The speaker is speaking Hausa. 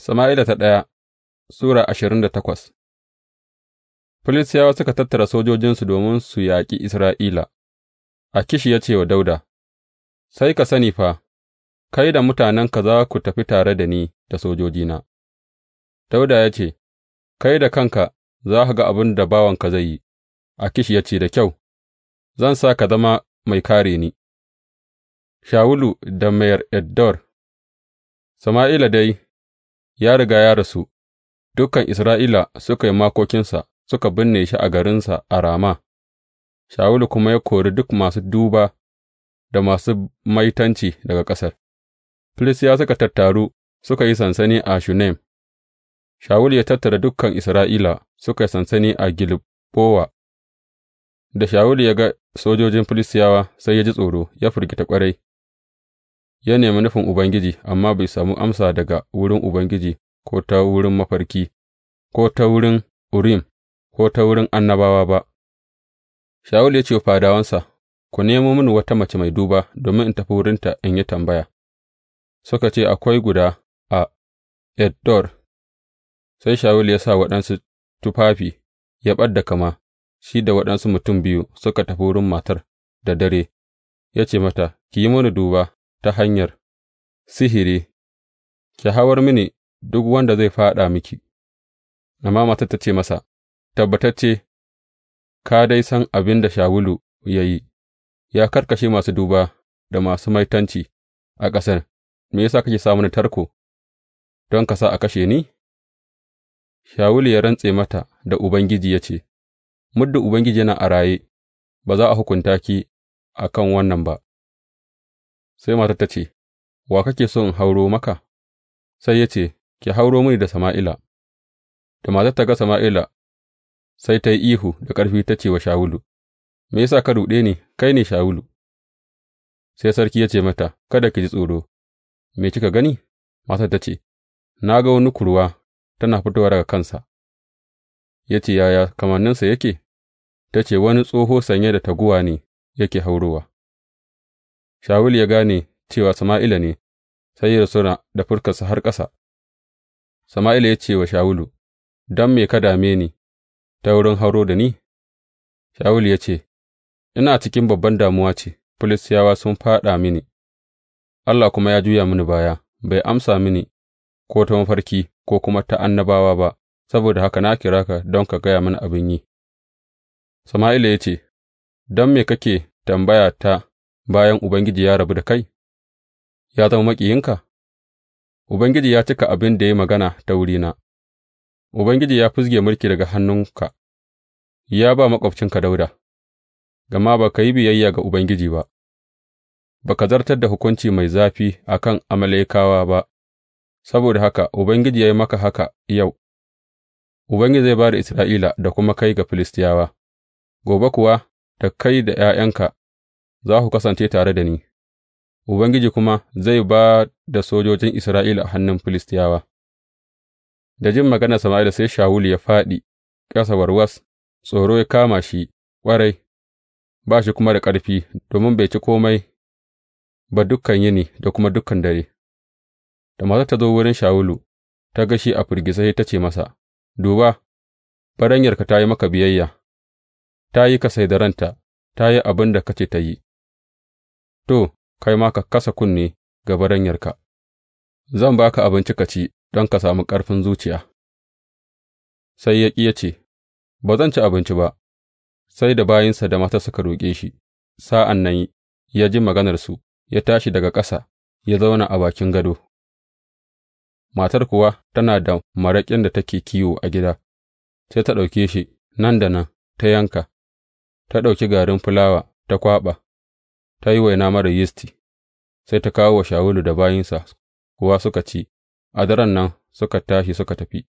Sama'ila ta ɗaya Sura ashirin da takwas Filistiyawa suka tattara sojojinsu domin su yaƙi Isra'ila, Akish ya ce wa Dauda. Sai ka sani fa, kai da mutanenka za ku tafi tare da ni da sojojina. Dauda ya ce, Kai da kanka za ka ga abin da bawanka zai yi, Akish ya ce, Da kyau, zan sa ka zama mai kare ni. Shawulu da Mayar Eddor Sama'ila dai ya riga ya rasu, dukan Isra'ila suka yi makokinsa suka binne shi a garinsa a Rama, Shawulu kuma ya kori duk masu duba da masu maitanci daga ƙasar. filistiya suka tattaru suka yi sansani a Shunem, Shawulu ya tattara dukan Isra'ila suka yi sansani a Gilbowa. Da Shawulu ya ga sojojin Filistiyawa sai ya ji tsoro, ya firgita ƙwarai. Ya nemi nufin Ubangiji, amma bai samu amsa daga wurin Ubangiji, ko ta wurin mafarki, ko ta wurin Urim, ko ta wurin annabawa ba. Shawul ya ce wa fadawansa, Ku nemo mini wata mace mai duba domin in tafi wurinta in yi tambaya. Suka ce, Akwai guda a Eddor. Sai Shawul ya sa waɗansu tufafi, ya ɓad da kama, shi da waɗansu mutum biyu suka tafi wurin matar da dare, ya ce mata, Ki yi mini duba ta hanyar sihiri, ki hawar mini duk wanda zai fāɗa miki, amma matar ta ce masa, Tabbatacce, ka dai san abin da Shawulu ya yi, ya karkashe masu duba da masu maitanci a ƙasar, me yasa kake sa mini tarko don ka sa a kashe ni? Shawulu ya rantse mata da Ubangiji ya ce, Muddin Ubangiji yana a raye, ba za a hukunta ki a kan wannan ba. sai matar ta ce, Wa kake so in hauro maka? Sai ya ce, Ki hauro mini da Sama'ila. Da matar ta ga Sama'ila, sai ta yi ihu da ƙarfi ta ce wa Shawulu, Me yasa ka ruɗe ni, kai ne Shawulu? Sai sarki ya ce mata, Kada ki ji tsoro, me kika gani? Matar ta ce, Na ga wani kurwa tana fitowa daga kansa. Ya ce, Yaya kamanninsa yake? Ta ce, Wani tsoho sanye da taguwa ne yake haurowa. Shawulu ya gane cewa Sama'ila ne, sai ya rusuna da furkarsa har ƙasa. Sama'ila ya ce wa Shawulu, Don me ka dame ni ta wurin hauro da ni? Shawulu ya ce, Ina cikin babban damuwa ce, Filistiyawa sun faɗa mini, Allah kuma ya juya mini baya, bai amsa mini ko ta mafarki ko kuma ta annabawa ba, saboda haka na kira ka don ka gaya mini abin yi. Sama'ila ya ce, Don me kake tambaya ta bayan Ubangiji ya rabu da kai, ya zama maƙiyinka? Ubangiji ya cika abin da ya yi magana ta wurina, Ubangiji ya fizge mulki daga hannunka, ya ba maƙwabcinka Dauda, gama ba ka yi biyayya ga Ubangiji ba, ba ka zartar da hukunci mai zafi a kan Amalekawa ba, saboda haka Ubangiji ya yi maka haka yau, Ubangiji zai ba da Isra'ila da kuma kai ga Filistiyawa, gobe kuwa da kai da ’ya'yanka za ku kasance tare da ni, Ubangiji kuma zai ba da sojojin Isra'ila a hannun Filistiyawa. Da jin maganar Sama'ila sai Shawulu ya fāɗi ƙasa warwas, tsoro ya kama shi ƙwarai, ba shi kuma da ƙarfi, domin bai ci komai ba dukan yini da kuma dukan dare. Da matar ta zo wurin Shawulu, ta ga shi a firgisa sai ta ce masa, Duba, baranyarka ta yi maka biyayya, ta yi ka sai da ranta, ta yi abin da kace ta yi, to, kai ma ka kasa kunne ga baranyarka, zan ba ka abinci ka ci don ka sami ƙarfin zuciya. Sai ya ƙi ya ce, Ba zan ci abinci ba, sai da bayinsa da mata suka roƙe shi, sa'an nan ya ji maganarsu, ya tashi daga ƙasa, ya zauna a bakin gado. Matar kuwa tana da maraƙin da take kiwo a gida, sai ta ɗauke shi nan da nan ta yanka, ta ɗauki garin fulawa ta kwaɓa, ta yi waina marar yisti, sai ta kawo wa Shawulu da bayinsa, kuwa suka ci, a daren nan suka tashi suka tafi.